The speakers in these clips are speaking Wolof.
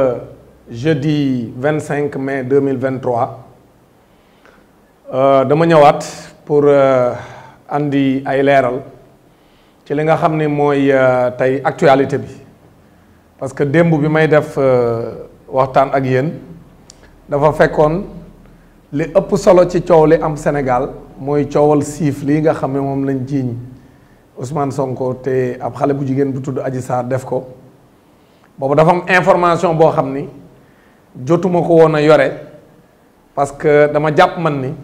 Euh, jeudi 25 mai 2023 euh, dama ñëwaat pour euh, andi ay je ci li nga xam ne actualité bi parce que démb bi may def waxtaan ak yéen dafa li ëpp solo ci ciowlé am Sénégal moy ciowal sif li nga xam mom lañ jiiñ Ousmane Sonko té ab xalé bu jigen bu tuddu Adji Sarr def ko boobu dafa am information boo xam ni jotuma ko woon a yore parce que dama jàpp man ni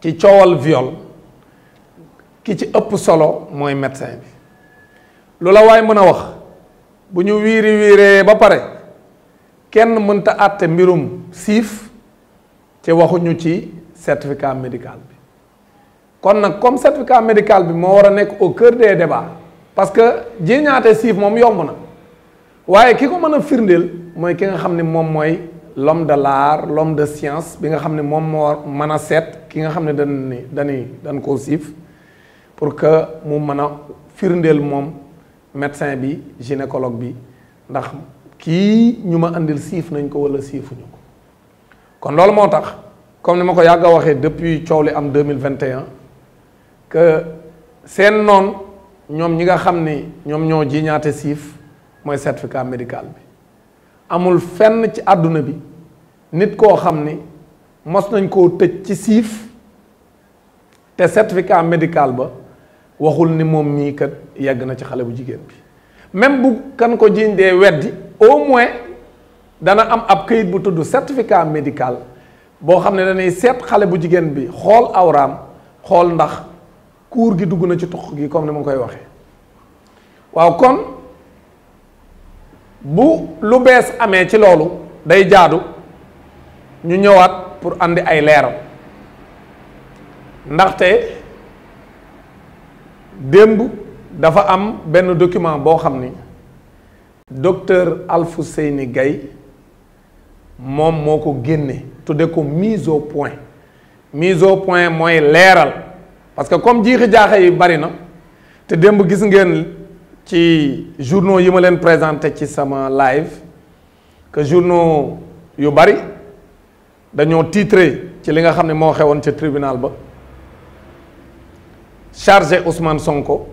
ci coowal viol ki ci ëpp solo mooy médecin bi lu la waay mën a wax bu ñu wiiri wiiree ba pare kenn mënta àtte mbirum siif ci waxuñu ci certificat médical bi kon nag comme certificat médical bi moo war a nekk au cœur des débats parce que jiñaate siif moom yomb na waaye ki ko mën a firndeel mooy ki nga xam ne moom mooy l'homme de l'art l'homme de science bi nga xam ne moom moo mën a seet ki nga xam ne dañ ni dañuy dañ koo siif pour que mu mën a firndeel moom médecin bi gynécologue bi ndax kii ñu ma andil siif nañ ko wala siifuñu ko kon loolu moo tax comme ni ma ko yàgga waxee depuis coow li am deux mille vingt et un que seen noon ñoom ñi nga xam ni ñoom ñoo jiñaate siif mooy certificat médical bi amul fenn ci àdduna bi nit koo xam ni mos nañ koo tëj ci siif te certificat médical ba waxul ni moom mii kat yegg na ci xale bu jigéen bi même bu kan ko jiiñ dee weddi au moins dana am ab kayit bu tudd certificat médical boo xam ne dañuy seet xale bu jigéen bi xool awraam xool ndax kuur gi dugg na ci tuq gi comme ni ma koy waxee waaw kon bu lu bees amee ci loolu day jaadu ñu ñëwaat pour andi ay leeral ndaxte démb dafa am benn document boo xam ni docteur Alfousseyni Gaye moom moo ko génne tudde ko mise au point mise au point mooy leeral parce que comme jiixi jaaxe yi bari na te démb gis ngeen ci journaux yi ma leen présenté ci live que journaux yu bari dañoo titré ci li nga xam ne moo xewoon tribunal ba chargé Ousmane Sonko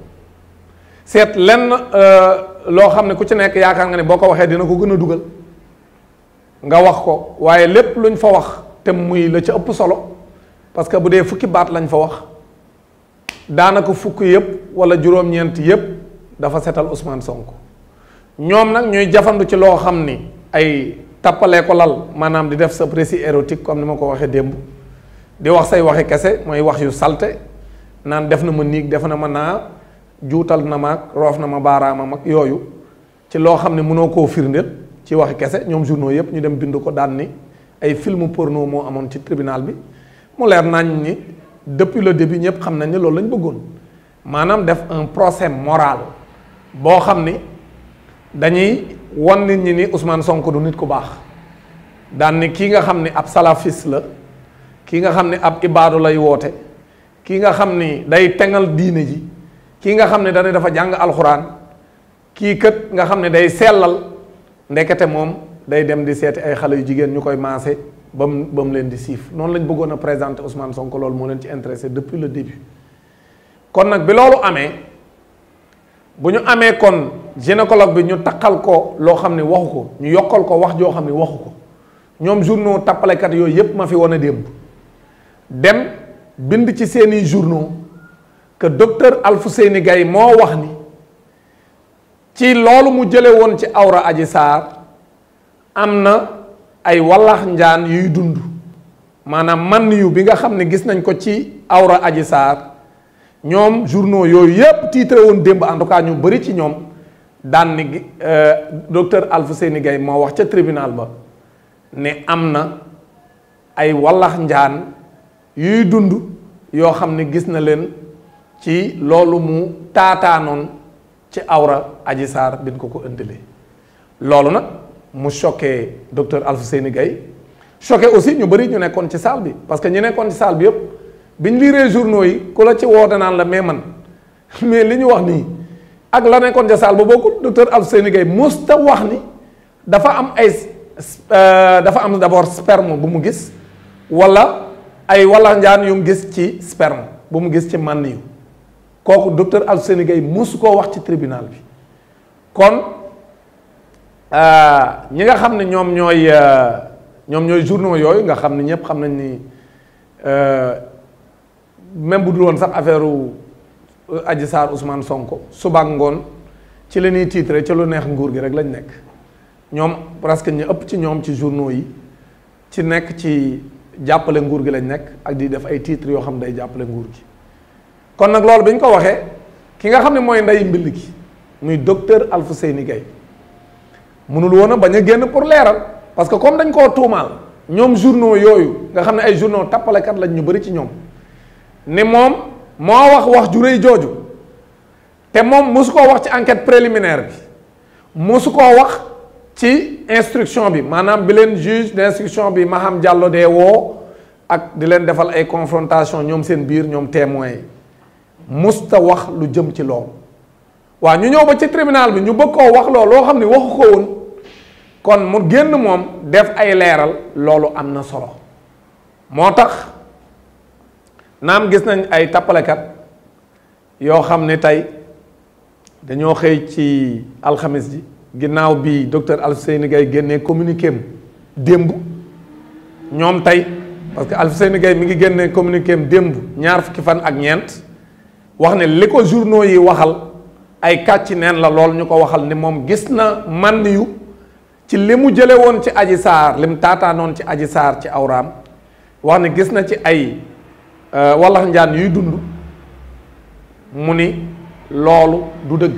seet lenn que euh, xam ne ku ci nekk nga ne boo ko dina ko gën a nga wax ko parce que fukki baat lañ fa wax wala juróom-ñeent dafa setal Ousmane Sonko ñom nak ñoy jafandu ci lo xamni ay tapale ko lal manam di def sa précis érotique comme nima ko waxe demb di wax say waxe kese moy wax yu salte nan def na ma nik def na ma na juutal na ma roof na ma baaraamam mak yoyu ci lo xamni mëno ko firndel ci waxe kese ñom journaux yépp ñu dem bindu ko daan ni ay film porno mo amon ci tribunal bi mu leer nañ ni depuis le début ñepp xamnañ ni loolu lañ bëggoon manam def un procès moral boo xam ni dañuy wan nit ñi ni Ousmane sonk du nit ku baax daan ni kii nga xam ni ab salafis la kii nga xam ni ab ibaadu lay woote kii nga xam ni day tengal diine ji kii nga xam ni dañuy dafa jàng alxuraan kii kët nga xam ni day sellal ndekete moom day dem di seeti ay xale yu jigéen ñu koy maase ba mu ba mu leen di siif noonu lañ bëggoon a présenter Ousmane sonk loolu moo leen ci intéressé depuis le début kon nag bi loolu amee. buñu amé kon gynécologue bi ñu takal ko lo xamni waxuko ñu yokal ko wax jo xamni waxuko ñom journaux tapalé kat yoy yep ma fi wane dem dem bind ci seeni journaux que docteur Alfousseyni gay mo wax ni ci loolu mu jëlé won ci awra aji sar amna ay walax ndian yuy dund manam man yu bi nga xamni gis nañ ko ci awra aji sar ñom journaux yoy yep titré won demb en tout cas ñu bari ci ñom dan ni euh, docteur seni gay mo wax ci tribunal ba ne amna ay walax ndian yuy dund yo xamné gis na len ci lolu mu taataanoon ci awra aji sar bin ko ko ëndalee na nak mu choqué docteur seni gay choqué aussi ñu bari ñu nekkoon ci salle bi parce que ñu nekkoon ci salle bi yépp biñ liiree journaux yi ku la ci woo naan la mais man mais li ñu wax nii ak la nekkoon ca saal ba bokkul docteur Alfousseyni Gaye mos ta wax ni dafa am ay euh, dafa am d'abord sperme bu mu gis walla ay wala njaan yu mu gis ci sperme bu mu gis ci mànn yu kooku docteur Alfousseyni Gaye mosu koo wax ci tribunal bi kon euh, ñi nga xam ne ñoom ñooy euh, ñoom ñooy journaux yooyu nga xam ne ñëpp xam nañ ni. même bu dul woon sax affaire euh, aji Sarr Ousmane Sonko suba ngoon ci la tiitre ci lu neex nguur gi rek lañ nekk ñoom presque ñu ëpp ci ñoom ci journaux yi ci nekk ci jàppale nguur gi lañ nekk ak di def ay titres yoo xam day jàppale nguur gi kon nag loolu bi ñu ko waxee ki nga xam ne mooy nday mbill gi muy docteur Alfousseyni Gaye mënul woon a bañ a génn pour leeral parce que comme dañ koo tuumaal ñoom journaux yooyu nga xam ne ay journaux tappalekat lañ ñu bëri ci ñoom ni moom moo wax wax ju rëy jooju te moom mosu koo wax ci enquête préliminaire bi mosu koo wax ci instruction bi maanaam bi leen juge d'instruction bi Maham Diallo dee woo ak di leen defal ay confrontation ñoom seen biir ñoom témoins yi musta wax lu jëm ci loolu waa ñu ñëw ba ci tribunal bi ñu bëgg koo wax loolu loo xam ne waxu ko woon kon mu génn moom def ay leeral loolu am na solo moo tax naam gis nañ ay tappalekat yoo xam ne tey dañoo xëy ci alxamis ji ginnaaw bii docteur Alfousseyni Gaye génnee communiqué am démb ñoom tey parce que Alfousseyni Gaye mi ngi génnee communiqué am démb ñaar fukki fan ak ñeent wax ne li ko journaux yi waxal ay kàcc neen la lool ñu ko waxal ni moom gis na mànd yu ci li mu jële woon ci aji saar li mu taataanoon ci aji saar ci awraam wax ne gis na ci ay Euh, wallax njaan yuy dund mu ni loolu du dëgg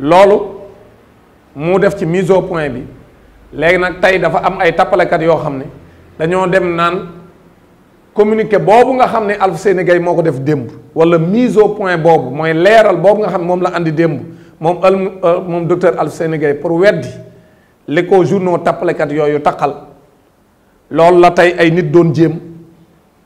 loolu mu def ci mise point bi léegi nag tey dafa am ay tappalekat yoo xam ne dañoo dem naan communiqué boobu nga xam ne Alfousseyni Gaye moo ko def démb wala mise au point boobu mooy leeral boobu nga xam ne moom la indi démb moom al euh, moom docteur Alfousseyni Gaye pour weddi li ko journaux tappalekat yooyu taqal loolu la tey ay nit doon jéem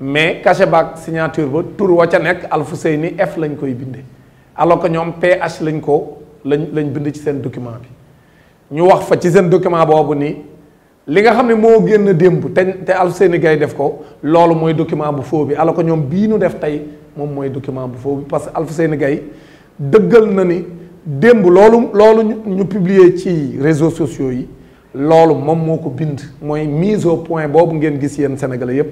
mais cachet baak signature ba tur wa ca nekk Alfousseyni F lañ koy binde alors que ñoom PH lañ ko lañ lañ bind ci seen document bi ñu wax fa ci seen document boobu nii li nga xam ne moo génn démb te te Alfousseyni gay def ko loolu mooy document bu faux bi alors que ñoom bii ñu def tey moom mooy document bu faux bi parce que Alfousseyni Gaye dëggal na ni démb loolu loolu ñu publier ci réseaux sociaux yi loolu moom moo ko bind mooy mise au point boobu ngeen gis yéen sénégalais yépp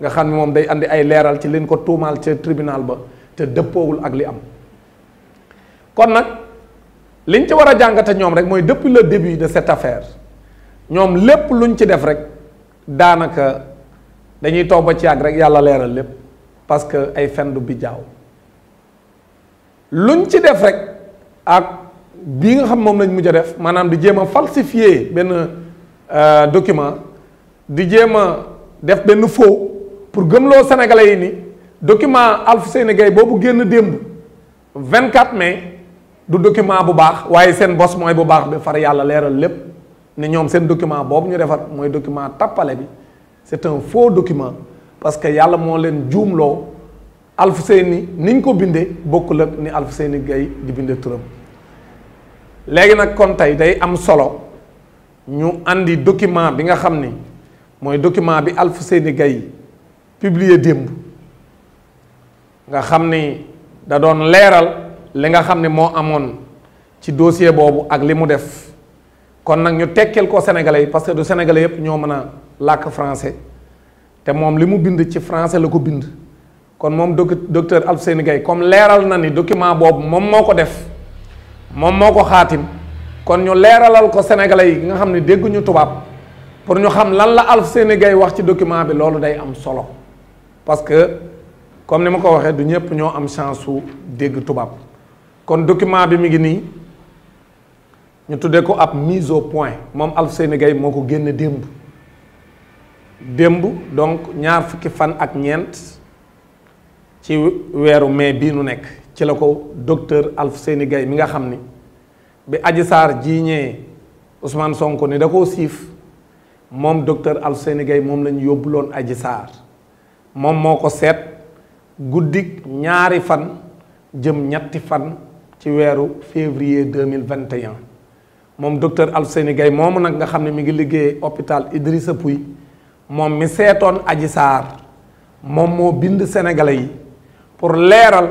nga xam ne moom day andi ay leeral ci leen ko tuumaal ca tribunal ba te dëppoowul ak li am kon nag liñ ci war a jàngate ñoom rek mooy depuis le début de cette affaire ñoom lépp luñ ci def rek daanaka dañuy toog ba ci yàgg rek yàlla leeral lépp parce que ay fen du bi jaaw luñ ci def rek ak bii nga xam moom lañ mujj a def maanaam di jéem a falsifier benn euh, document di jéem a def benn faux pour gëmloo sénégalais yi ni document Alfousseyni Gaye boobu génn démb 24 mai du document bu baax waye seen boss moy bu baax be far yàlla léral lépp ni ñom seen document bobu ñu defar moy document tapalé bi c'est un faux document parce que yàlla mo leen djumlo Alfousseyni ni ñu ko bindé bokkul ak ni Alfousseyni gay di bindé turam légui nak kon tey day am solo ñu andi document bi nga xamni moy document bi Alfousseyni Gaye publier démb nga xam ni da doon leeral li nga xam ni moo amoon ci dossier boobu ak li mu def kon nag ñu tekkil ko sénégalais yi parce que du sénégalais yëpp ñoo mën a làkk français te moom li mu bind ci français la ko bind kon moom docteur Alfousseyni Gaye comme leeral na ni document boobu moom moo ko def moom moo ko xaatim kon ñu leeralal ko sénégalais yi nga xam ne dégguñu tubaab pour ñu xam lan la Alfousseyni yi wax ci document bi loolu day am solo parce que comme je l'ai dit, nous du une chance am chance dégg le document bi mi ngi mis au point moom Alfousseyni Sénégal de donc ñaar fukki fan ak ñeent ci wéru mai bi nu nek ci la docteur Alfousseyni Gaye mi nga xamni Ousmane Sonko ni da docteur Al Sénégal, Momo moko set nyarifan guddik ñaari fan jëm ñetti fan ci wéru février 2021 mom docteur Alseyni gay mom nak nga xamni mi ngi liggéey hôpital Idrissa pouy mom mi sétone Adji sar mom mo bind sénégalais yi pour léral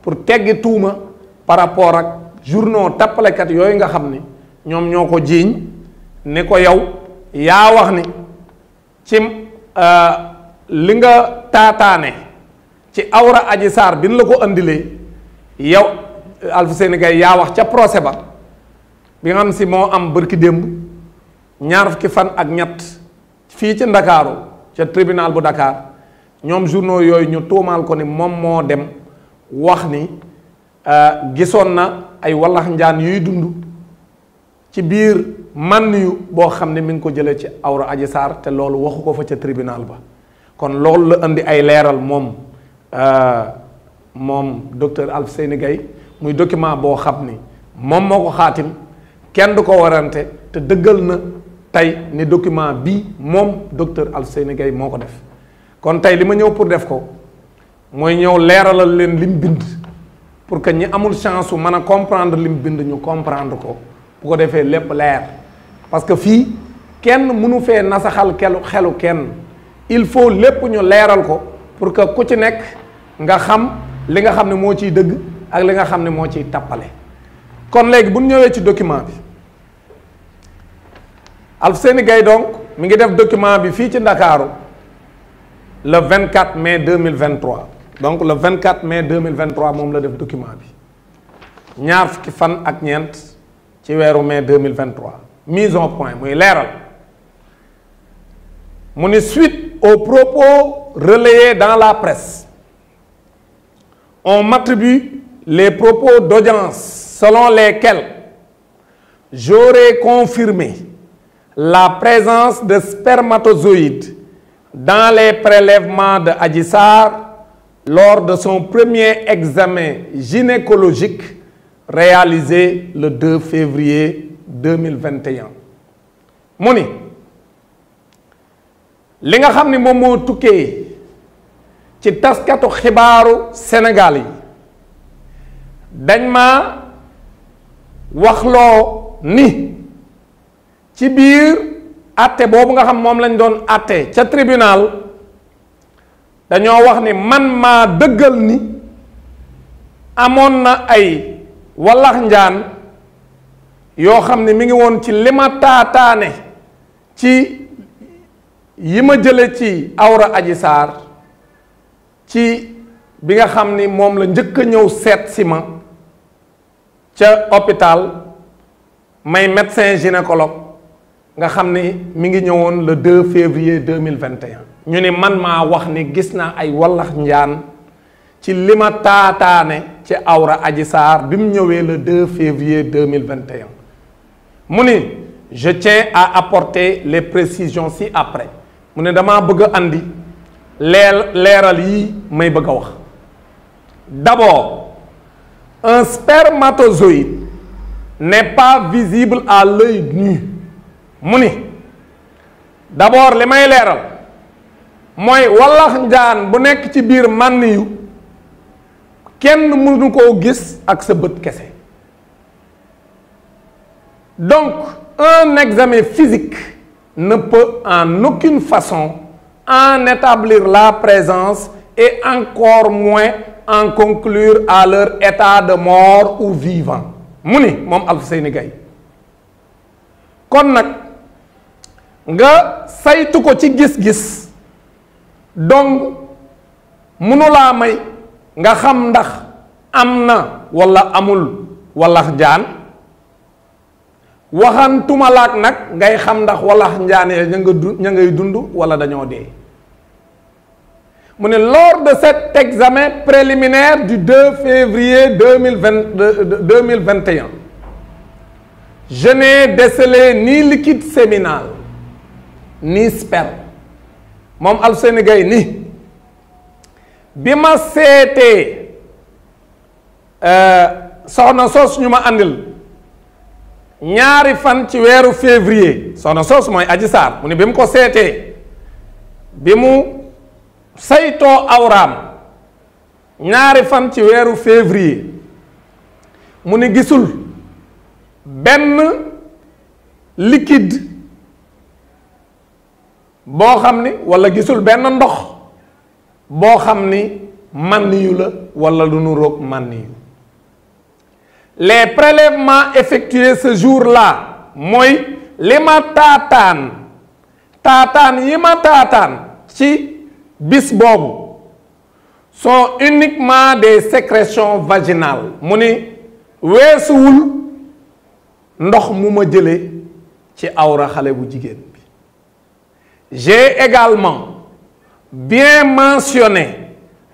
pour téggé touma par rapport ak journaux kat yoy nga xamni ñom ñoko jiñ ko yow ya wax ni ci euh, li nga taataane ci awra aji saar bi ñu la ko andilee yow Alfousseyni Gaye yaa wax ca procès ba bi xam si moo am bërki démb ñaar fukki fan ak ñett fii ci ndakaaru ca tribunal bu Dakar ñoom journaux yooyu ñu tuumaal ko ni moom moo dem wax ni euh, gisoon na ay wallax yuy dund ci biir man yu boo xam ne mi ngi ko jëlee ci awra aji saar te loolu waxu ko fa ca tribunal ba kon loolu la indi ay leeral moom euh, moom docteur Alfousseyni gay, muy document boo xam ni moom moo ko xaatim kenn du ko warante te dëggal na tey ni document bi moom docteur Alfousseyni gay moo ko def kon tey li ma ñëw pour def ko mooy ñëw leeralal leen lim bind pour que ñi amul chance su mën a comprendre lim bind ñu comprendre ko bu ko defee lépp leer parce que fii kenn mënu fee nasaxal xelu xelu kenn il faut lépp ñu leeral ko pour que ku ci nekk nga xam li nga xam ne moo ciy dëgg ak li nga xam ne moo ciy kon léegi bu ñëwee ci document bi Alfousseyni donc mi ngi def document bi fii ci le 24 mai 2023 donc le 24 mai 2023 moom la def document bi ñaar fukki fan ak ñeent ci weeru mai 2023 mise en point muy leeral mu ni suite aux propos relayés dans la presse. On m'attribue les propos d'audience selon lesquels j'aurais confirmé la présence de spermatozoïdes dans les prélèvements de Adjissar lors de son premier examen gynécologique réalisé le 2 février 2021. Moni, li nga xam ni moom moo tukkee ci taskatu xibaaru Sénégal yi dañ ma waxloo ni ci biir àtte boobu nga xam moom lañ doon àtte ca tribunal dañoo wax ni man maa dëggal ni amoon na ay wallax yoo xam ne mi ngi woon ci li taataane ci yi ma jële ci awra aji saar ci bi nga xam ni moom la njëkk a ñëw seet si ma ca hôpital may médecin gynécologue nga xam mi ngi ñëwoon le 2 février 2021 ñu ni man maa wax ni gis naa ay wallax njaan ci li ma taataane ci awra aji saar bi le 2 février 2021 mu je tiens à apporter les précisions ci après mu ne damaa bëgg andi leer leeral yi may bëgg wax d'abord un spermatozoïde n'est pas visible à l'œil nu mu ni d'abord li may leeral mooy wallax njaan bu nekk ci biir mànn kenn mënu koo gis ak sa bët kese donc un examen physique ne peut en aucune façon en établir la présence et encore moins en conclure à leur état de mort ou vivant Mouni, mom moom Alfousseyni Gaye kon nag nga saytu ci gis-gis donc la may nga xam ndax amna wala amul wala jaan waxantuma laak nak ngay xam ndax wala njaane ña nga du ña ngay dund wala dañoo dee mu ne lors de cet examen préliminaire du 2 février 2020 2021 je n'ai décelé ni liquide séminal ni sperme moom Alseyni Gaye ni bi ma seetee euh, soxna sos ñu ma àndil ñaari fan ci weeru février soxna soosu mooy aji saar mu ne bi mu ko seetee bi mu saytoo awraam ñaari fan ci weeru février mu ne gisul benn liquide boo xam ni walla gisul benn ndox boo xam ni mànniyu la walla lu nu roog mànniyu les prélèvements effectués ce jour-là moi, les matatan, tatan, yematatan, yi bisbob, sont uniquement des sécrétions vaginales Moni ni weesuwul mouma mu ci j'ai également bien mentionné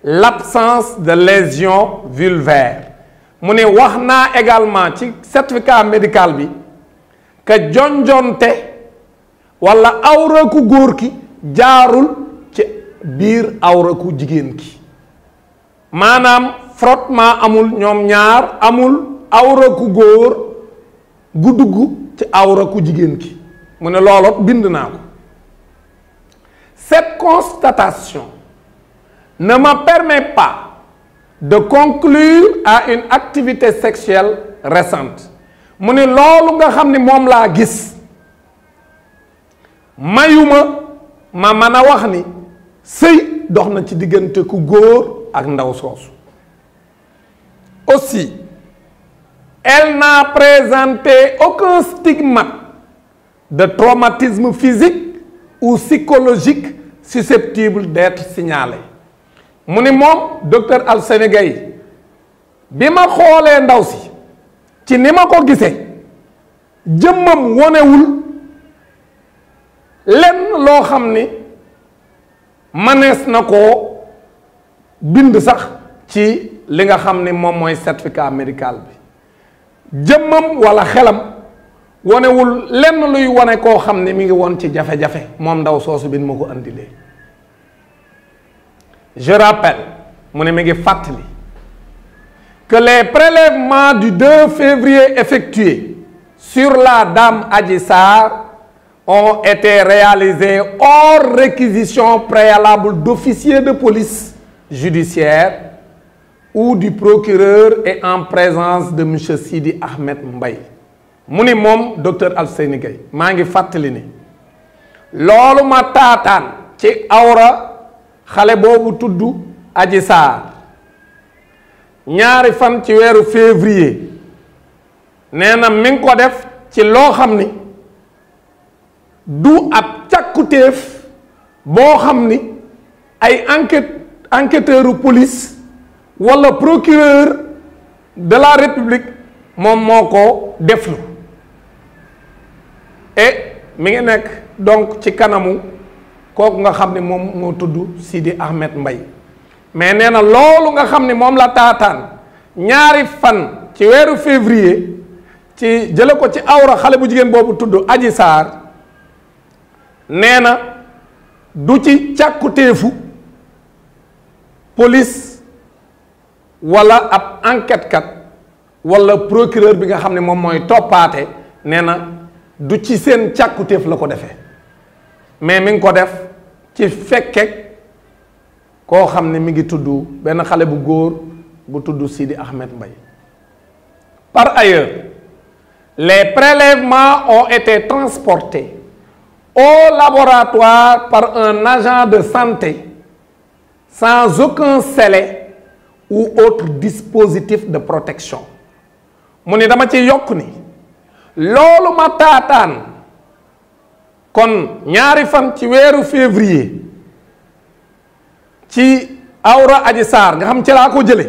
l'absence de lésions vulvaires. Je suis également ci certificat médical bi que John wala awra ku ki jaarul ci Bir ki amul ñom amul awra ku gu ci cette constatation ne me permet pas de conclure à une activité sexuelle récente Je ne loolu nga xam que moom gis mayuma ma mën que wax ni sëy dox ci diggante ku aussi elle n'a présenté aucun stigmate de traumatisme physique ou psychologique susceptible d'être signalé mu ni moom docteur Alseyni Gaye bi ma xoolee ndaw si ci ni ma ko gisee jëmmam wonewul lenn loo xam ni mënees na koo bind sax ci li nga xam ni moom mooy certificat médical bi jëmmam walla xelam wonewul lenn luy wone koo xam ni mi ngi woon ci jafe-jafe moom ndaw soosu bi ma ko indilee je rappelle mon ami que les prélèvements du 2 février effectués sur la dame Adjessar ont été réalisés hors réquisition préalable d'officiers de police judiciaire ou du procureur et en présence de M. Sidi Ahmed Mbaye Mon imam... docteur al Gaye je suis ni xale boobu tudd aji saar ñaari fan ci weeru février nee na mi ngi ko def ci loo xam ni du ab càkkutéef boo xam ni ay enquête enquêteuru police wala procureur de la république moom moo ko deflu et mi ngi nekk donc ci kanamu koku nga xam mom mo tuddu Sidi Ahmed mbay mais neena lolou nga xam mom la taataan ñaari fan ci wéru février ci jele ko ci awra xalé bu jigen bobu tuddu Adji sar neena du ci police wala ab enquête kat wala procureur bi nga xam mom moy topaté neena du ci sen lako ko mais mi ngi ko def ci fekkek ko xamni ne mi ngi tudd bu goor bu tuddu Sidi Ahmed Mbaye par ailleurs les prélèvements ont été transportés au laboratoire par un agent de santé sans aucun scellé ou autre dispositif de protection mu ne dama ci yok ni lolu ma tatane kon ñaari fan ci weeru février ci awra aji saar nga xam ci laa ko jële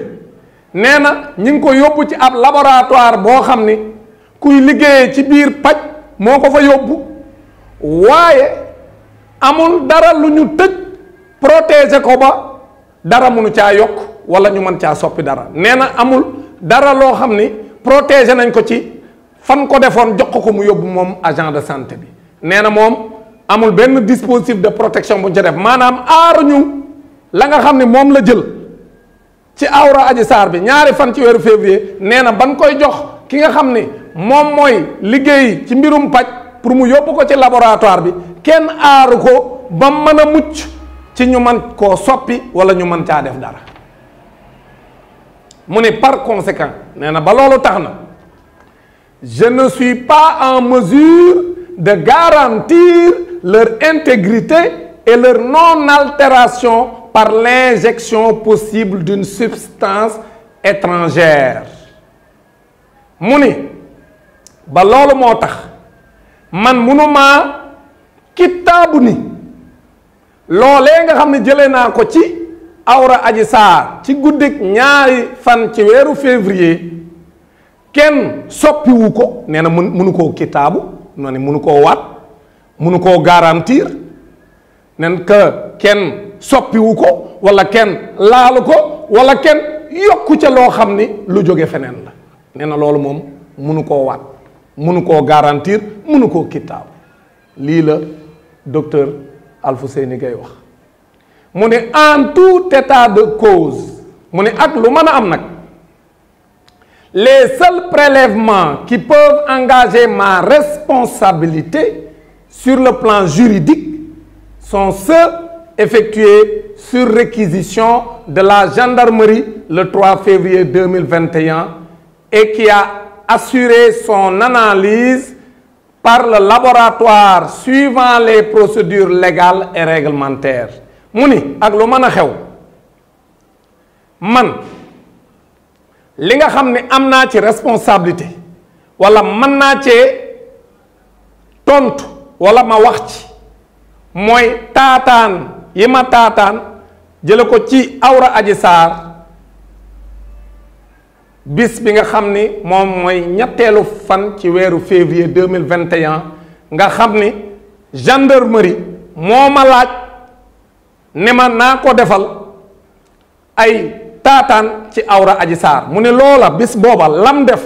nee na ñi ngi ko yóbbu ci ab laboratoire boo xam ni kuy liggéeyee ci biir paj moo ko fa yóbbu waaye amul dara lu ñu tëj protéger ko ba dara mënu caa yokk wala ñu mën caa soppi dara nee na amul dara loo xam ni protéger nañ ko ci fan ko defoon jox ko mu yóbbu moom agent de santé bi nee na moom amul benn dispositif de protection bu ñu ca def maanaam aaruñu la nga xam ne moom la jël ci awra aji saar bi ñaari fan ci weeru février nee na ban koy jox ki nga xam ni moom mooy liggéey ci mbirum paj pour mu yóbbu ko ci laboratoire bi kenn aaru ko ba mën a mucc ci ñu man koo soppi wala ñu mën caa def dara mu ne par conséquent nee na ba loolu tax na je suis pas en mesure de garantir leur intégrité et leur non-altération par l'injection possible d'une substance étrangère mu balon ba loolu man munumaa kitaabu ni loolee nga xam ne jëlee naa ko ci aji ci guddik ñaari fan ci février ken soppiwu wuko nee na mun ma ne munu koo waat munu koo garantir nen que kenn soppiwu ko walla kenn laalu ko wala kenn yokku ca loo xam ni lu jóge feneen la nee na loolu moom munu koo waat munu koo garantir munu koo kittaab lii la docteur Alfousseyni Gaye wax mu ne en tout état de cause mu ne ak lu mën a am nag les seuls prélèvements qui peuvent engager ma responsabilité sur le plan juridique sont ceux effectués sur réquisition de la gendarmerie le 3 février 2021 et qui a assuré son analyse par le laboratoire suivant les procédures légales et réglementaires. Mouni, ak man li nga xam ni am naa ci responsabilité walla mën naa cee tontu wala ma wax ci mooy taataan yi ma taataan jële ko ci awra aji saar bis bi nga xam ni moom mooy ñetteelu fan ci weeru février deux mille vingt nga xam ni gendarmerie moo ma laaj ne ma naa ko defal ay taataan ci awra aji saar mu ne loola bis booba lam def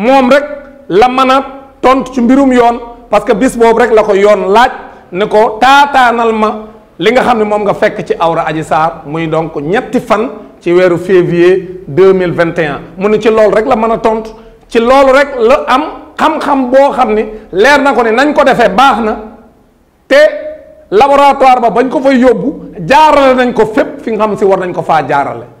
moom rek la mën a tontu ci mbirum yoon parce que bis boobu rek la ko yoon laaj ne ko taataanal ma li nga xam ne moom nga fekk ci awra aji saar muy donc ñetti fan ci weeru février deux mille vingt et un mu ne ci loolu rek la mën a tontu ci loolu rek la am xam-xam boo xam ni leer na ko ne nañ ko defee baax na te laboratoire ba bañ ko fay yóbbu jaarale nañ ko fépp fi nga xam si war nañ ko faa jaarale.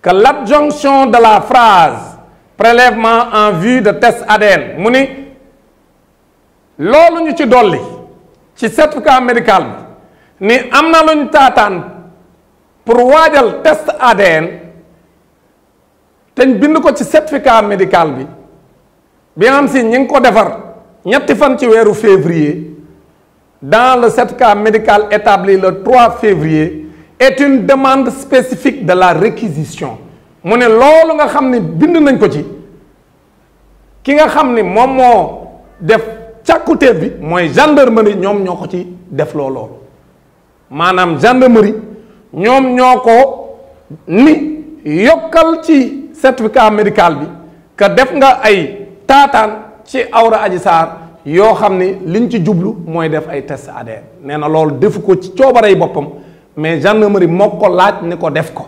que l'adjonction de la phrase prélèvement en vue de test ADN mu ni dolli certificat médical ni amna test ADN t'en bindu ko ci certificat médical bi bi am si ñing février dans le certificat médical établi le 3 février est une demande spécifique de la réquisition Mon ne loolu nga xamni bind nañ ko ci ki nga xamni def bi gendarmerie ñom ñoko ci def gendarmerie ni yokalchi ci certificat médical bi que def nga ay tatane ci awra aji jublu def ay test ADN mais gendarmerie moko ko laaj ni ko def ko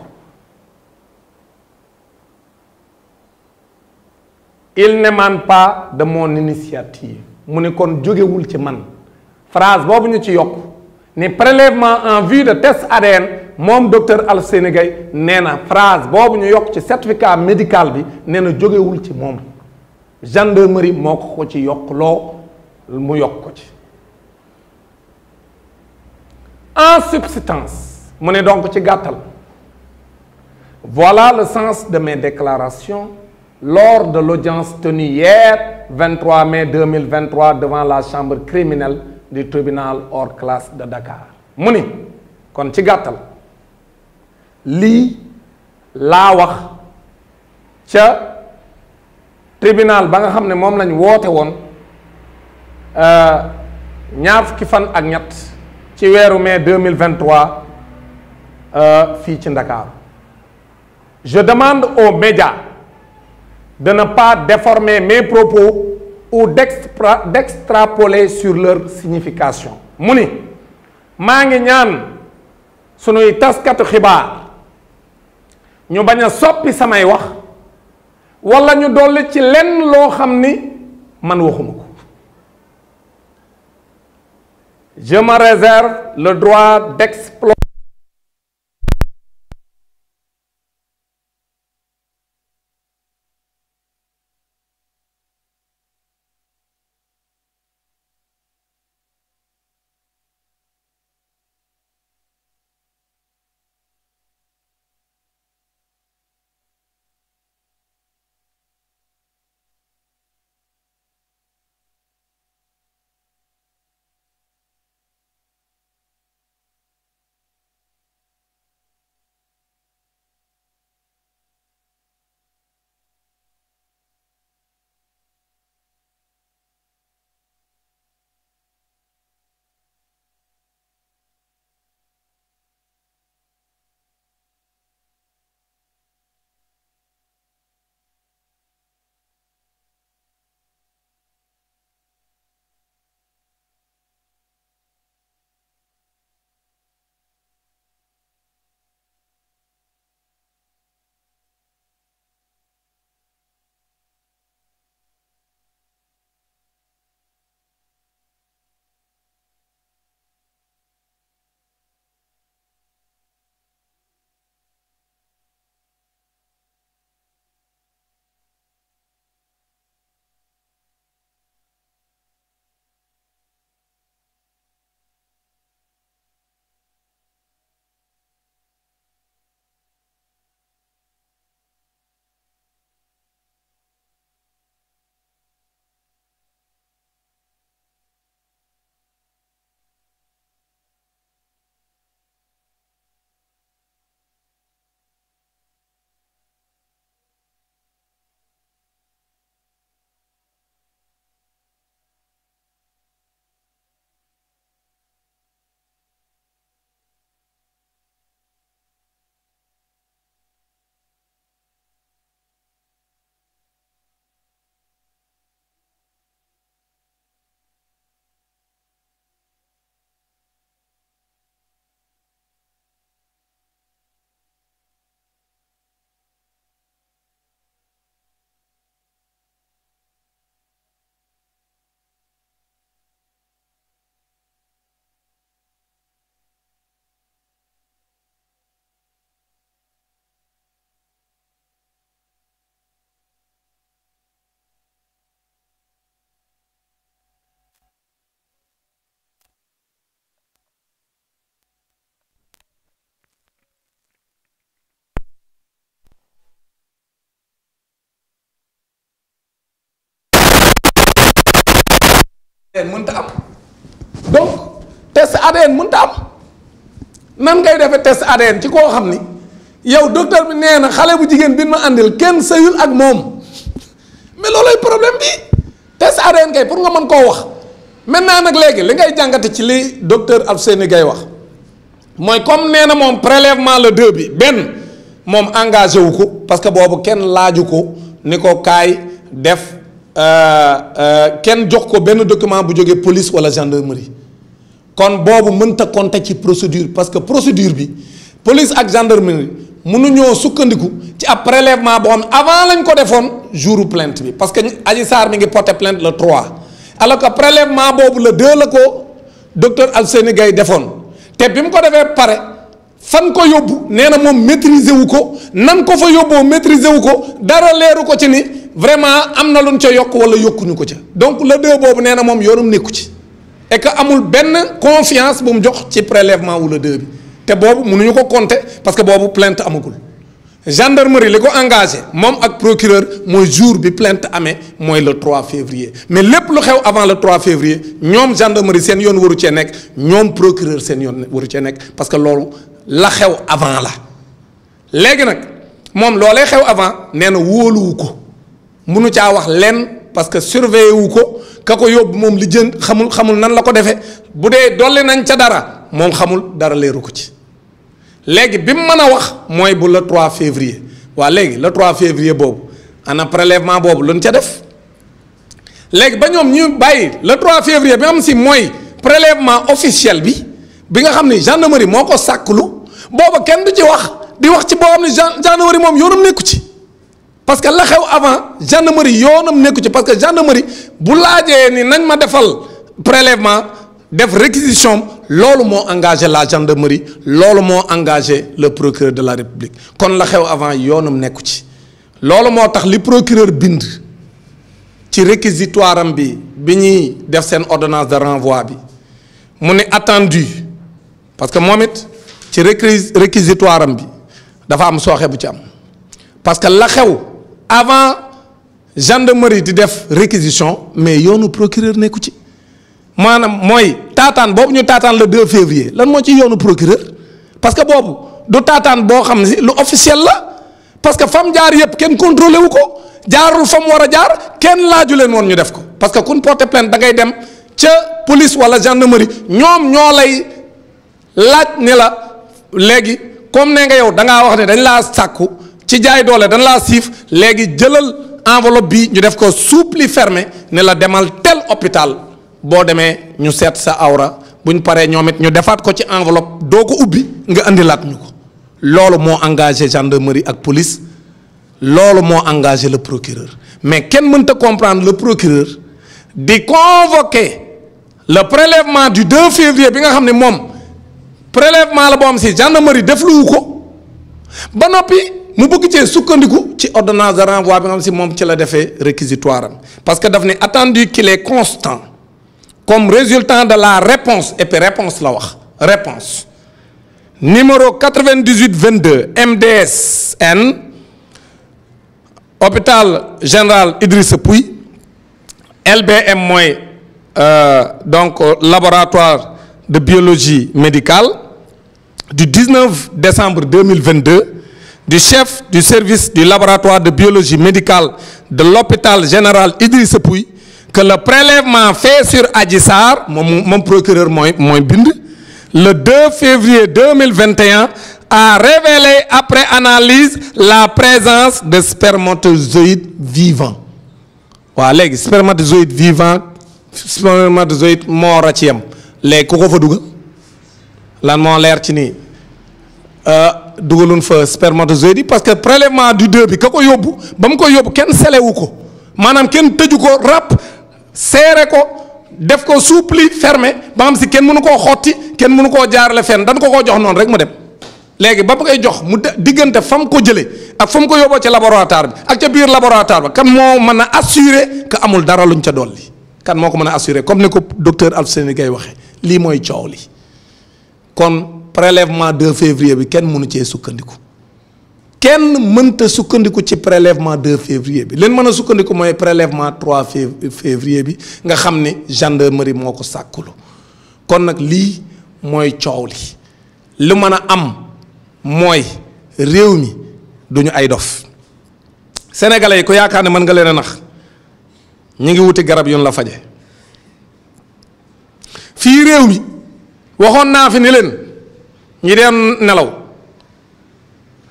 il ne man pas de mon initiative mune ne kon jógewul ci man phrase bobu ñu ci yok ni prélèvement en vue de test ADN mom docteur al sénégal néna phrase bobu ñu yok ci certificat médical bi néna na jógewul ci mom gendarmerie moko ko ko ci yokk loo mu yok ko ci en substance voilà le sens de mes déclarations lors de l'audience tenue hier 23 mai 2023 devant la chambre criminelle du tribunal hors classe de Dakar Moni, kon ci gatal wax tribunal ba nga ne lañ woté won euh ñaar fan ci weeru mai 2023 euh, fii ci Dakar. je demande aux médias de ne pas déformer mes propos ou d'extrapoler sur leur signification Muni, ni ngi ñaan sunuy taskatu xibaar ñu bañ a soppi samay wax wala ñu dolli ci lenn loo xam man waxuma ko Je me réserve le droit d'exploiter ADN ta am donc test ADN ta am nan ngay defee test ADN ci ko xamni yow docteur bi nee xalé bu jigen bi ma andil ken seuyul ak mom mais lolay problème bi test ADN kay pour nga mën ko wax maintenant nak légui li ngay jangati ci li docteur Alfousseyni Gay wax moy comme nee mom prélèvement le deux bi ben mom engagé wuko parce que bobu ken lajuko niko kay def Euh, euh, kenn jox ko benn document bu jógee police wala gendarmerie kon boobu mënta compter ci procédure parce que procédure bi police ak gendarmerie mënuñoo sukkandiku ci ab prélèvement boo xam avant lañ ko defoon jouru plainte bi parce que Adji Sarr mi ngi porter plainte le 3 alors que prélèvement boobu le 2 la ko docteur al Gaye defoon te bi mu ko defee pare. fan ko yóbbu nee na moom maîtriser wu ko nan ko fa yóbboo maîtriser wu ko dara leeru ko ci ni vraiment am na luñ ca yokk wala yokkuñu ko ca donc le deux boobu nee na moom yoonum nekku ci et que amul benn confiance bu mu jox ci prélèvement wu le deux bi te boobu mënuñu ko compter parce que boobu plainte amagul gendarmerie li ko engagé moom ak procureur mooy jour bi plainte amee mooy le trois février mais lépp lu xew avant le 3 février ñoom gendarmerie seen yoon waru cee nekk ñoom procureur seen yoon waru cee nekk parce que loolu la xew avant la léegi nak mom lolé xew avant néna wolu wuko munu ca wax lenn parce que surveiller wuko kako yob mom li jën xamul xamul nan la ko defee budé dolé nañ ca dara mom xamul dara leeru ko ci légui bi mu wax moy bu le 3 février wa légui le 3 février bob. ana prélèvement bob luñ ca def légui ba ñom ñu le 3 février bi am si moy prélèvement officiel bi bi nga xam gendarmerie moko ko booba kenn du ci wax di wax ci gendarmerie mom yonum ci parce que la xew avant gendarmerie parce que gendarmerie bu ni nañ ma defal prélèvement def réquisition lolu mo engagé la gendarmerie lolu que engagé le procureur de la république kon la xew avant yonum nekku ci lolu mo tax li procureur bind ci réquisitoire def sen de renvoi bi attendu parce que Mohamed, ci réquisitoire am bi dafa am soxé bu ci am parce que la xew avant gendarmerie di def réquisition mais yoonu procureur nekku ci manam moy tatane bobu ñu tatane le 2 février lan mo ci yoonu procureur parce que bobu du tatane bo xam lu officiel la parce que fam jaar yëpp ken contrôlé wu ko jaarul fam wara jaar ken laaju len won ñu def ko parce que kun porter plainte da ngay dem ci police wala gendarmerie ñom ñolay laaj ne la léegi comme né nga yow da nga wax né dañ la sakku ci jaay doole dañ la sif légui jëlal enveloppe bi ñu def ko soupli fermé né la démal tel hôpital bo démé ñu seet sa aura buñ paré ñomit ñu defaat ko ci enveloppe doo ko ubbi nga andilat ñuko lolu mo moo engagé gendarmerie ak police lolu mo engagé le procureur mais ken mën mënta comprendre le procureur di convoquer le prélèvement du 2 février bi nga xamné mom prélèvement la boo am si gendarmerie def Bon ko ba nopi mu bëgg ci sukkandiku ci ordonnance de renvoi bi nga si ci la réquisitoire parce que daf attendu qu'il est constant comme résultat de la réponse et puis réponse la wax réponse numéro 9822, MDSN hôpital général Idriss Pouy, LBM euh, donc euh, laboratoire de biologie médicale du 19 décembre 2022 du chef du service du laboratoire de biologie médicale de l'hôpital général Idriss Pouy que le prélèvement fait sur Adjissar, mon, procureur mon le 2 février 2021 a révélé après analyse la présence de spermatozoïdes vivants. Voilà, spermatozoïdes vivants, spermatozoïdes morts léegi ku ko fa dugal lan moo leer ci nii euh, dugalun fa spermatozoïde parce que prélèvement du deux bi ka ko yóbbu ba mu koy yóbbu kenn selewu ko maanaam ko ràpp seere ko def ko soupli fermé bam si ken kenn ko koo ken kenn ko koo le fen dan ko koo jox noonu rek mu dem léegi ba koy jox mu diggante fa ko jëlee ak fam ko yobo ca laboratoire bi ak ca bir laboratoire ba kan moo mën a assurer que amul dara luñ ca dolli kan moo ko mën a assurer comme ni ko docteur Alfousseyni Gaye waxee lii mooy coow li kon prelèvement 2 février bi kenn mënu cee sukkandiku kenn mënta sukkandiku ci prélèvement 2 février bi leen mën a sukkandiku mooy prélèvement 3 février bi nga xam ne gendarmerie moo ko sàkkulu kon nag lii mooy coow li lu mën a am mooy réew mi duñu ay dof sénégalais yi ko yaakaar ne mën nga leen a nax ñu ngi wuti garab yoon la faje ci réew mi waxoon naa fi ni leen ñi deen nelaw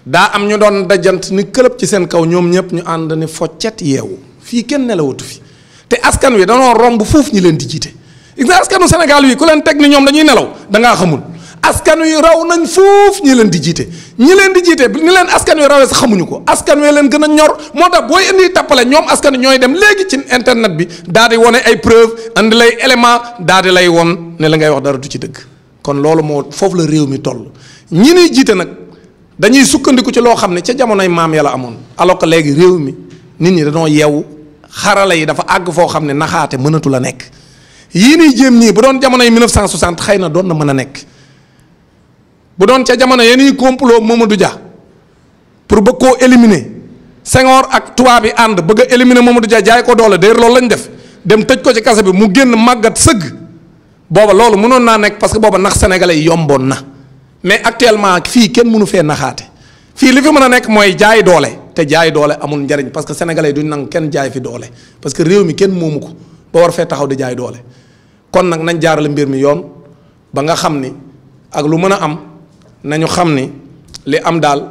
daa am ñu doon dajant ni këlëb ci seen kaw ñoom ñëpp ñu ànd ni foccet yeewu fii kenn nelawatu fi te askan wi danoo romb foofu ñi leen di jiite. gis nga askanu senegal wi ku leen teg ni ñoom dañuy nelaw da ngaa xamul. askan wi raw nañ fuuf ñi leen di jiite ñi leen di jiite ni leen askan wi rawee sax xamuñu ko askan wee leen gën a ñor moo tax booy indi tappale ñoom askanu ñooy dem léegi ci internet bi daal di wane ay preuve andi lay élément daal di lay won ne la ngay wax dara du ci dëgg kon loolu moo foofu la réew mi toll ñi ni jiite nag dañuy sukkandiku ci loo xam ne ca jamonoy maam la amoon alors léegi réew mi nit ñi dañoo yeewu xarala yi dafa àgg foo xam ne naxaate mënatu la nekk yii nii jéem ñii bu doon jamonoy 1960 xëy na doon na mën a nekk bu don ci jamono yeni ya complot Mamadou Dia pour beko éliminer Senghor ak tuwa bi and beug éliminer Mamadou Dia jaay ko doole der lolou lañ def dem tejj ko ci kase bi mu genn magat seug boba lolou mënon na nek parce que boba nax sénégalais yombon na mais actuellement fi ken mënu fe naxate fi li fi mëna nek moy jaay doole te jaay doole amul ndariñ parce que sénégalais duñ nang ken jaay fi doole parce que réew mi kenn moomu ba war fe taxaw di jaay doole kon nang nañ jaarale mbir mi yoon ba nga xamni ak lu mëna am. nañu xam ni li am daal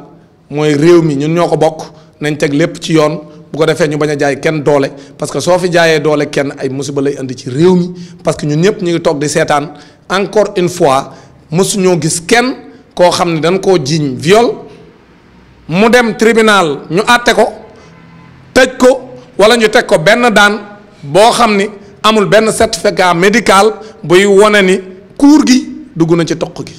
mooy réew mi ñun ñoo ko bokk nañ teg lépp ci yoon bu ko defee ñu bañ a jaay kenn doole parce que soo fi jaayee doole kenn ay musiba lay indi ci réew mi parce que ñun ñëpp ñu ngi toog di seetaan encore une fois ñoo gis kenn koo xam ne dañ koo jiiñ viol mu dem tribunal ñu àtte ko tëj ko wala ñu teg ko benn daan boo xam ni amul benn certificat médical buy wone ni kuur gi dugg na ci toq gi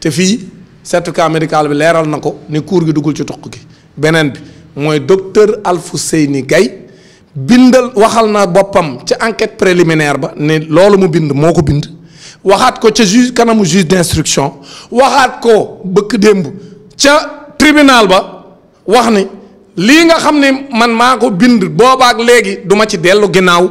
te fii certificat médical bi leeral na ko ni kuur gi duggul ci toq gi beneen bi mooy docteur Alfousseyni Gaye bindal waxal na boppam ci enquête préliminaire ba ne loolu mu bind moo ko bind waxaat ko ca juge kanamu juge d'instruction waxaat ko bëkk démb ca tribunal ba wax ni lii nga xam ne man maa ko bind boobaak léegi duma ci dellu ginnaaw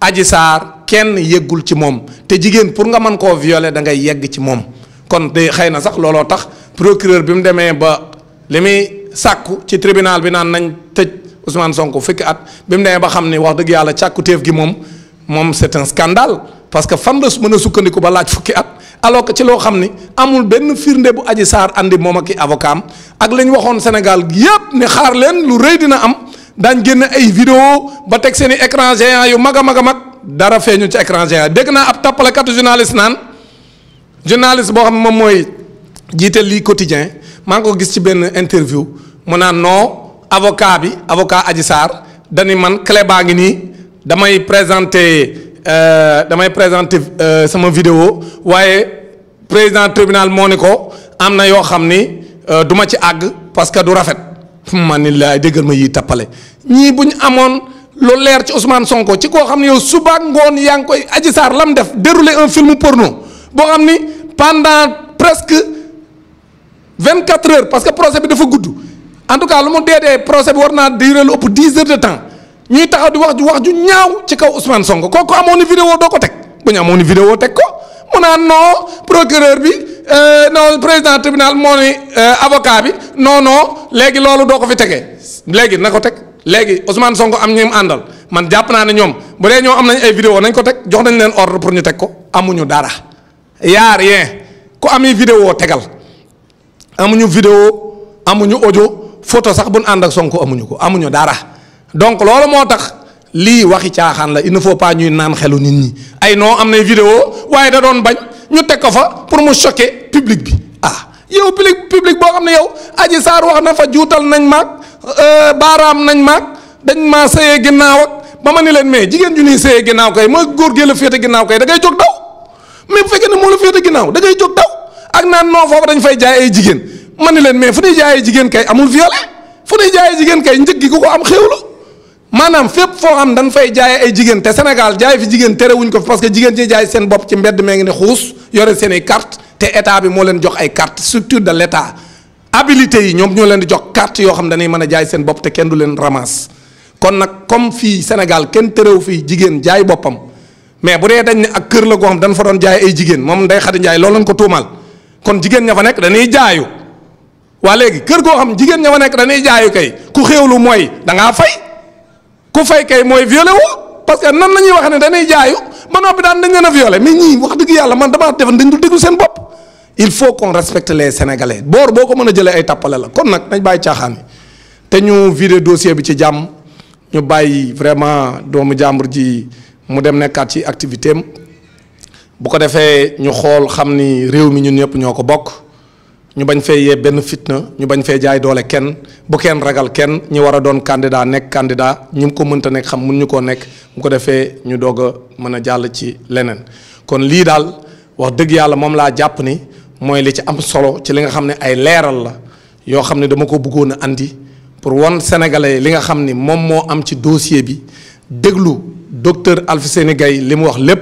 aji saar kenn yeggul ci moom te jigéen pour nga mën koo violer da ngay yegg ci moom kon de xëy na sax looloo tax procureur bi mu demee ba li muy sàkku ci tribunal bi naan nañ tëj Ousmane Sonko fukki at bi mu demee ba xam ni wax dëgg yàlla càkkutéef gi moom moom c'est un scandale parce que fan la mën a sukkandiku ba laaj fukki at alors que ci loo xam ni amul benn firnde bu aji Sarr andi moom ak i avocat ak li ñu waxoon Sénégal yépp ni xaar leen lu rëy dina am daañ génn ay vidéo ba teg seen i yu mag a mag a mag dara feeñu ci écran géant dégg naa ab tappalekatu journaliste naan. journaliste bo xam mom moy mooy li quotidien maa ngi ko gis ci ben interview mu naan avocat bi avocat Adji Sar dañi man Kleba ngi ni damay présenter euh, damay présenter euh, sama vidéo wayé président tribunal moo ni ko am na yoo ni euh, ci ag parce que du rafet man ni laay ma yi tapalé ñi buñ amone lo leer ci Ousmane Sonko ci ko xamni suba ngone yang koy Adji Sar lam def dérouler un film porno boo xam ni pendant presque vingt quatre heures parce que procès bi dafa gudd en tout cas lu mu dee dee procès bi war naa durer lu ëpp dix heures de temps ñuy taxaw di wax ju wax ju ñaaw ci kaw Ousmane Sonko kooku amoon ni vidéo doo ko teg bu ñu amoon ni vidéo teg ko mu naan non procureur bi euh, non président tribunal moo ni euh, avocat bi non non léegi loolu doo ko fi tegee léegi na ko teg léegi Ousmane Sonko am ñu àndal man jàpp naa ne ñoom bu dee ñoo am nañ ay vidéo nañ ko teg jox nañ leen ordre pour ñu teg ko amuñu dara. yaa rien ku ami vidéo tegal amuñu vidéo amuñu audio photo sax bu nu ànd ak Sonko amuñu ko amuñu dara donc loolu moo tax lii waxi caaxaan la il ne faut pas ñuy naan xelu nit ñi ay noo am nay vidéo waaye da doon bañ ñu teg ko fa pour mu choquer public bi ah yow public public boo xam ne yow Adji Sarr wax na fa juutal nañ maag euh, baaraam nañ maag dañ maa sëyee ginnaaw ak ba ma ni leen mais jigéen ju ñuy sëyee ginnaaw kay ma góor gee la féete ginnaaw kay da ngay jóg mais bu fekkee ne moo la féete ginnaaw da ngay jóg daw ak naan non foofu dañ fay jaay ay jigéen ma ne leen mais fu ñuy jaayee jigéen kay amul violé fu ñuy jaayee jigéen kay njëg gi ku ko am xéwlu maanaam fépp foo xam dañ fay jaayee ay jigéen te Sénégal jaay fi jigéen terewuñ ko fi parce que jigéen ci jaay seen bopp ci mbedd mee ngi ne xuus yore seen i carte te état bi moo leen jox ay carte structure de l' abilité yi ñoom ñoo leen di jox carte yoo xam dañuy mën a jaay seen bopp te kenn du leen ramas kon nag comme fii Sénégal kenn terew fii jigéen jaay boppam mais bu dee dañ ne ak kër la goo xam dañ fa doon jaay ay jigéen moom Ndeye Khady Ndiaye loolu lañ ko tuumaal kon jigéen ña fa nekk dañuy jaayu waa léegi kër koo xam jigéen ña fa nekk dañuy jaayu kay ku xéewlu mooy da ngaa fay ku fay kay mooy violé wu parce que nan la ñuy wax ne dañuy jaayu ba noppi daan dañ leen a violé mais ñii wax dëgg yàlla man damaa defoon dañ du déglu seen bopp il faut on respecte les sénégalais boor boo ko mën a jëlee ay tàppale la kon nag nañ bàyyi caaxaan te ñu vidé dossier bi ci jàmm ñu bàyyi vraiment doomu jàmbur ji mu dem nekkaat ci activité am bu ko defee ñu xool xam ni réew mi ñun ñëpp ñoo ko bokk ñu bañ fee yee benn fitna ñu bañ fee jaay doole kenn bu kenn ragal kenn ñi war a doon candidat nekk candidat ñi ko mënta nekk xam mun ñu koo nekk bu ko defee ñu doog a mën a jàll ci leneen kon lii daal wax dëgg yàlla moom laa jàpp ni mooy li ci am solo ci li nga xam ne ay leeral la yoo xam ne dama ko bëggoon a andi pour wan sénégalais li nga xam ni moom moo am ci dossier bi déglu. docteur Alfousseyni Gaye li mu wax lépp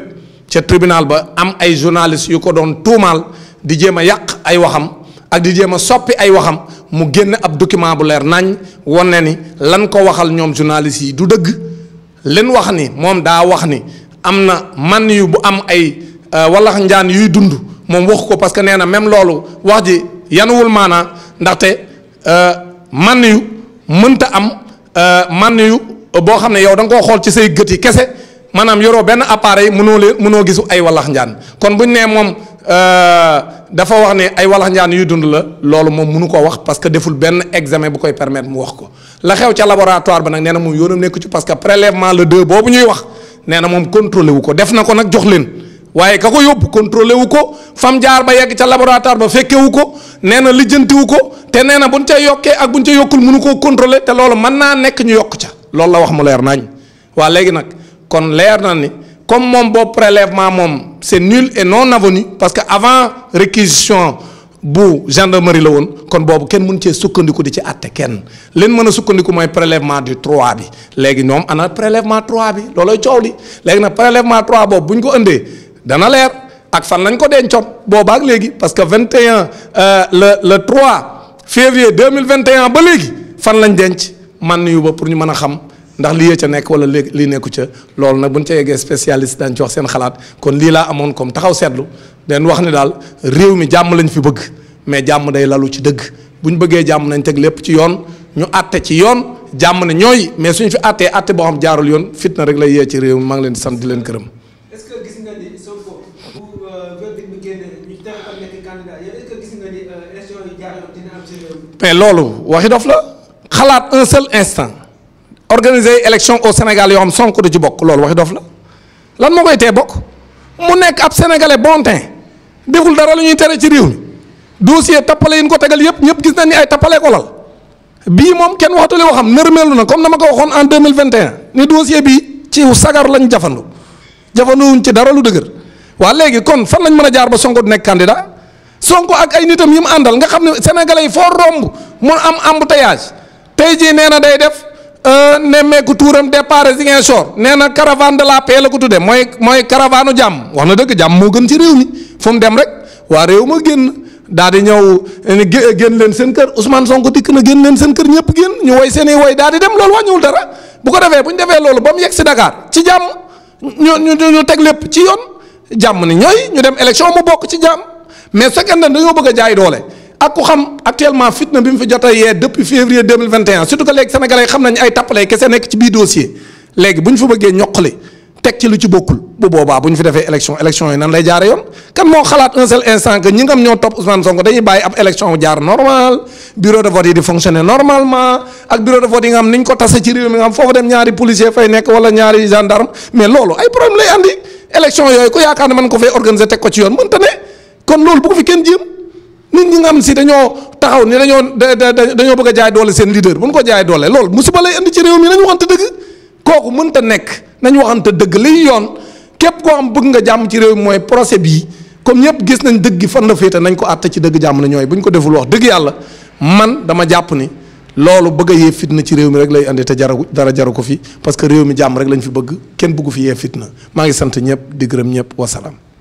ca tribunal ba am ay journaliste yu ko doon tuumaal di jéem a yàq ay waxam ak di jéem a soppi ay waxam mu génn ab document bu leer nañ wone ni lan ko waxal ñoom journaliste yi du dëgg leen wax ni moom daa wax ni am na man yu bu am ay euh, walax njaan yuy dund moom wax ko parce que nee na même loolu wax ji yanuwul maanaa ndaxte euh, man yu mënta am euh, man yu boo xam ne yow da nga koo xool ci say gët yi kese maanaam yoroo benn appareil mënoo leen mënoo gisu ay wallax njaan kon buñ nee moom euh, dafa wax ne ay wallax njaan yuy dund la loolu moom munu koo wax parce que deful benn examen bu koy permettre mu wax ko la xew ca laboratoire ba nag nee na moom yoonam nekku ci parce que prélèvement le deux boobu ñuy wax nee na moom contrôlé wu ko def na ko nag jox leen waaye ka ko yóbbu contrôlé wu ko fam jaar ba yegg ca laboratoire ba fekke wu ko nee na ko te nee na buñ ca yokkee ak buñ ca yokkul mënu koo contrôlé te loolu mën naa nekk ñu yokk ca. loolu la wax mu leer nañ wa légui nak kon leer na ni comme mom bo prélèvement mom c'est nul et non avenu parce que avant réquisition bu gendarmerie la won kon bobu ken mën ci sukkandiku di ci atté ken len mën a sukkandiku mooy prélèvement du 3 bi légui ñom ana prélèvement 3 bi loolooy ciowli légui nak prélèvement 3 bobu buñ ñu ko ëndee dana leer ak fan lañ ko dencoon boobaa ak parce que 21 euh, le le 3 février 2021 ba légui fan lañ denc. man yu ba pour ñu mën a xam ndax lii ca nekk wala lii lii nekku ca loolu nag bu ñu ca yeggee spécialiste dañ ci wax seen xalaat kon lii laa amoon comme taxaw seetlu den wax ne daal réew mi jàmm lañ fi bëgg mais jàmm day lalu ci dëgg bu ñu bëggee jàmm nañ teg lépp ci yoon ñu àtte ci yoon jàmm ne ñooy mais suñu fi àttee àtte boo xam jaarul yoon fitna rek lay yee ci réew mi maa ngi leen di sant di leen gërëm. Euh, euh, mais loolu waxi dof la. xalaat un seul instant organiser élection au Sénégal yoo xam Sonko du ci bokk loolu waxi dof la lan moo koy bok. bokk mu nekk ab sénégalais bon teint deful dara lu ñuy tere ci réew mi dossier tappale yi ñu ko tegal yëpp ñëpp gis nañ ni ay tappalee ko lal bii moom kenn waxatu li waxam nërmeelu comme na ma ko en deux mille vingt et un ni dossier bi ci sagar lañ jafandu jafanduwuñ ci dara lu dëgër waa léegi kon fan lañ mën jaar ba Sonko nek candidat Sonko ak ay nitam yi andal nga xam ne sénégalais yi foo romb mu am embouteillage. tey jii nee na day def euh, nemmeeku tuuram départ Ziguinchor nee na caravane de la paix la ko tuddee mooy mooy caravane jàmm wax na dëkk jàmm moo gën ci réew mi fu mu dem rek waa réew ma génn daal di ñëw génn leen seen kër Ousmane Sonko dikk na génn leen seen kër ñëpp génn ñu woy seen i woy daal di dem loolu wàññiwul dara bu ko defee bu ñu defee loolu ba mu yegg si Dakar ci jàmm ñu ñu ñu teg lépp ci yoon jàmm ni ñooy ñu dem élection mu bokk ci jàmm mais su fekkee ne dañoo bëgg jaay doole. ak xam actuellement fitna bi fi jot depuis février 2021 surtout que les sénégalais xam nañ ay tapalé kessé nek ci bi dossier légui buñ ñu fa bëggee ñoqali teg ci lu ci bokul bu boba buñ fi défé élection élection yi nan lay jaare yoon kan mo xalaat un seul instant que ñi nga xam ñoo topp Ousmane Sonko dañuy bàyyi ab élection jaar normal bureau de vote yi di fonctionner normalement ak bureau de vote yi nga xam ni ko tassé ci réew mi nga xam foofu dem ñaari policier fay nek wala ñaari gendarme mais loolu ay problème lay andi élection yoy ko yaakaar man ko fay organiser teg ko ci yoon mën tane kon loolu bu ko fi kenn jéem nit ñi nga xam si dañoo taxaw ni dañoo dañoo bëgg a jaay doole seen leader bu ñu ko jaay doole loolu musiba lay indi ci réew mi nañu waxante dëgg kooku mënta nekk nañu waxante dëgg liy yoon képp koo am bëgg nga jàmm ci réew mi mooy procès bii comme ñëpp gis nañ dëgg fan la féete nañ ko àtte ci dëgg jàmm na ñooy bu ñu ko deful wax dëgg yàlla man dama jàpp ni loolu bëgg a yee fitna ci réew mi rek lay andi te jaru dara jaru ko fi parce que réew mi jàmm rek lañ fi bëgg kenn bëggu fi yee fitna maa ngi sant ñëpp di gërëm ñëpp wasalaam